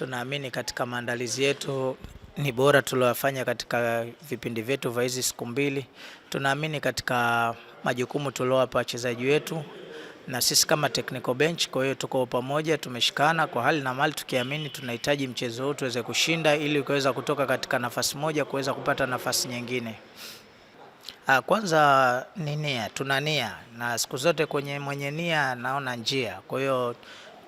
Tunaamini katika maandalizi yetu ni bora tuliyofanya katika vipindi vyetu vya hizi siku mbili. Tunaamini katika majukumu tuliowapa wachezaji wetu na sisi kama technical bench. Kwa hiyo tuko pamoja, tumeshikana kwa hali na mali, tukiamini tunahitaji mchezo huu tuweze kushinda, ili ukaweza kutoka katika nafasi moja kuweza kupata nafasi nyingine. Ah, kwanza ni nia, tuna nia na siku zote kwenye mwenye nia naona njia, kwa hiyo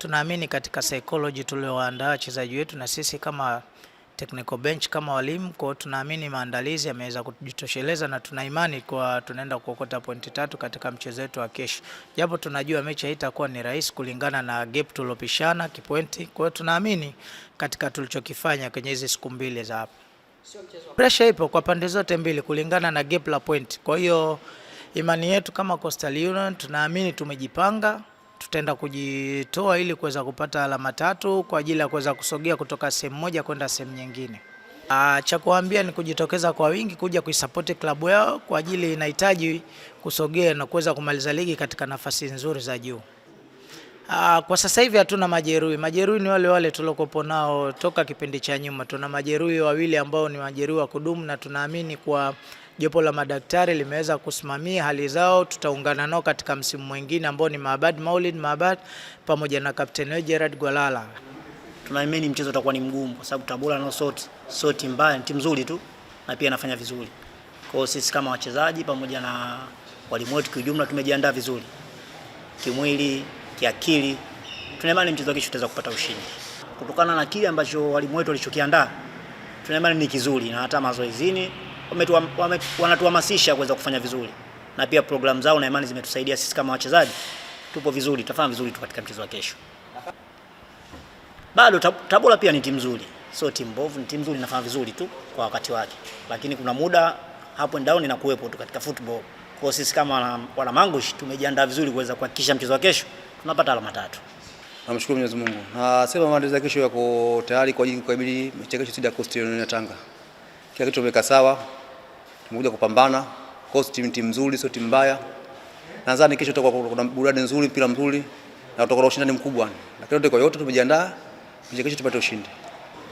tunaamini katika psychology tulioandaa wachezaji wetu na sisi kama technical bench kama walimu. Kwa hiyo tunaamini maandalizi yameweza kujitosheleza na tuna imani kwa tunaenda kuokota pointi tatu katika mchezo wetu wa kesho, japo tunajua mechi haitakuwa ni rahisi kulingana na gap tulopishana kipointi. Kwa hiyo tunaamini katika tulichokifanya kwenye hizi siku mbili za hapa, pressure ipo kwa pande zote mbili kulingana na gap la point. Kwa hiyo imani yetu kama Coastal Union tunaamini tumejipanga tutaenda kujitoa ili kuweza kupata alama tatu kwa ajili ya kuweza kusogea kutoka sehemu moja kwenda sehemu nyingine. Ah, cha kuambia ni kujitokeza kwa wingi kuja kuisapoti klabu yao kwa ajili inahitaji kusogea na kuweza kumaliza ligi katika nafasi nzuri za juu. Aa, ah, kwa sasa hivi hatuna majeruhi. Majeruhi ni wale wale tuliokopo nao toka kipindi cha nyuma. Tuna majeruhi wawili ambao ni majeruhi wa kudumu na tunaamini kwa Jopo la madaktari limeweza kusimamia hali zao. Tutaungana nao katika msimu mwingine ambao ni Maabad Maulid Maabad pamoja na kapteni Gerard Gwalala. Tunaamini mchezo utakuwa ni mgumu kwa sababu Tabora nao soti soti mbaya, ni timu nzuri tu na pia anafanya vizuri. Kwa hiyo sisi kama wachezaji pamoja na walimu wetu kiujumla tumejiandaa vizuri kimwili, kiakili. Tuna mchezo kesho tutaweza kupata ushindi kutokana na kile ambacho walimu wetu walichokiandaa. Tuna ni kizuri na hata mazoezini wanatuhamasisha kuweza kufanya vizuri, na pia programu zao na imani zimetusaidia sisi kama wachezaji, tupo vizuri, tutafanya vizuri tu katika mchezo wa kesho. Bado Tabora pia ni timu nzuri, sio timu mbovu, ni timu nzuri, inafanya vizuri tu kwa wakati wake, lakini kuna muda hapo and down inakuwepo tu katika football. Kwa sisi kama wana Mangush tumejiandaa vizuri kuweza kuhakikisha mchezo wa kesho tunapata alama tatu. Namshukuru Mwenyezi Mungu. Na sema maandalizi ya kesho yako tayari kwa ajili kukabili mechi kesho dhidi ya Coastal Union ya Tanga. Kila kitu tumeweka sawa tumekuja kupambana. Timu timu nzuri, sio timu mbaya. Nadhani kesho tutakuwa kuna burudani nzuri, mpira mzuri na tutakuwa na ushindani mkubwa, lakini yote kwa yote tumejiandaa kesho tupate ushindi.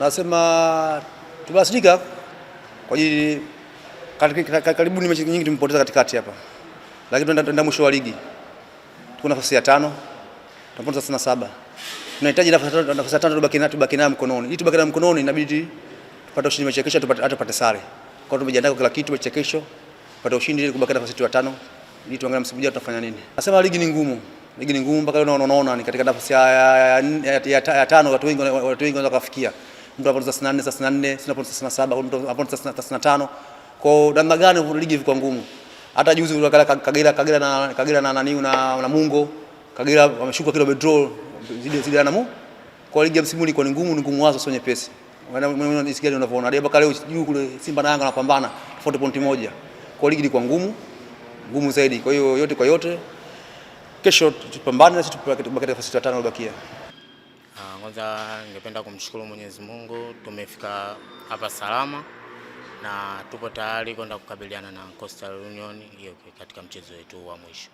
Nasema tumebasilika kwa ajili karibu ni mechi nyingi tumepoteza katikati hapa, lakini tunaenda mwisho wa ligi tuko nafasi ya tano, tunapoteza sana saba, tunahitaji nafasi ya tano tubaki nayo mkononi. Ili tubaki nayo mkononi, inabidi tupate ushindi mechi kesho, tupate hata tupate sare. Kwa tumejiandaa kwa kila kitu, cha kesho pata ushindi ili kubaki nafasi ya tano, ili tuangalie msimu ujao tutafanya nini. Nasema ligi ni ngumu, ligi ni ngumu mpaka leo unaona ni katika nafasi ya, ya, ya, ya, ya tano, watu wengi watu wengi wanaweza kufikia mtu hapo 34 34 37 mtu hapo 35 kwa namna gani ligi iko ngumu. Hata juzi Kagera Kagera Kagera na Kagera na nani na na Mungo Kagera wameshuka kilo bedroll zidi zidi na mu kwa ligi ya msimu ilikuwa ni ngumu, ni ngumu wazo sio nyepesi. Unaona jinsi gani unavyoona. Hadi mpaka leo juu kule Simba na Yanga wanapambana 40 point moja. Kwa ligi ilikuwa ngumu, ngumu zaidi. Kwa hiyo yote kwa yote kesho tupambane na sisi tupate nafasi ya tano iliyobakia. Ah, kwanza ningependa kumshukuru Mwenyezi Mungu tumefika hapa salama na tupo tayari kwenda kukabiliana na Coastal Union hiyo katika mchezo wetu wa mwisho.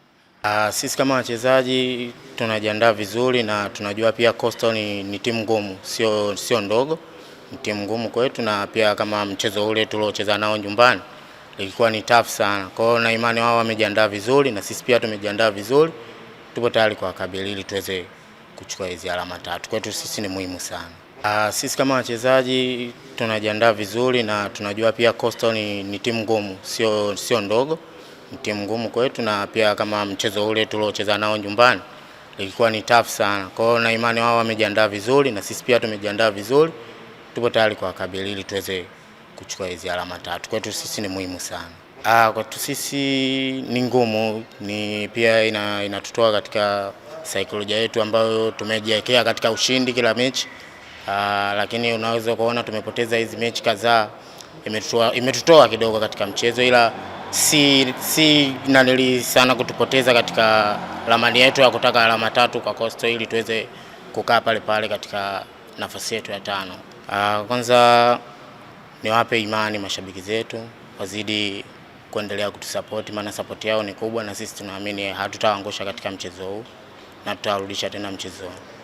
Uh, sisi kama wachezaji tunajiandaa vizuri na tunajua pia Coastal ni, ni timu ngumu, sio sio ndogo timu ngumu kwetu, na pia kama mchezo ule tuliocheza nao nyumbani ilikuwa ni tough sana. Kwa hiyo na imani wao wamejiandaa vizuri na sisi pia tumejiandaa vizuri, tupo tayari kabili ili tuweze kuchukua hizi alama tatu. Kwetu sisi ni muhimu sana. Aa, ah, sisi kama wachezaji tunajiandaa vizuri na tunajua pia Coastal ni, ni timu ngumu, sio sio ndogo, ni timu ngumu kwetu, na pia kama mchezo ule tuliocheza nao nyumbani ilikuwa ni tough sana. Kwa hiyo na imani wao wamejiandaa vizuri na sisi pia tumejiandaa vizuri tupo tayari kabili ili tuweze kuchukua hizi alama tatu. Kwetu sisi ni muhimu sana. Ah, kwetu sisi ni ngumu, ni pia ina, inatutoa katika saikolojia yetu ambayo tumejiwekea katika ushindi kila mechi. Ah, lakini unaweza kuona tumepoteza hizi mechi kadhaa, imetutoa imetutoa kidogo katika mchezo, ila si, si nanili sana kutupoteza katika ramani yetu ya kutaka alama tatu kwa Coastal ili tuweze kukaa pale pale katika nafasi yetu ya tano. Uh, kwanza niwape imani mashabiki zetu wazidi kuendelea kutusapoti, maana sapoti yao ni kubwa, na sisi tunaamini hatutaangusha katika mchezo huu na tutawarudisha tena mchezoni.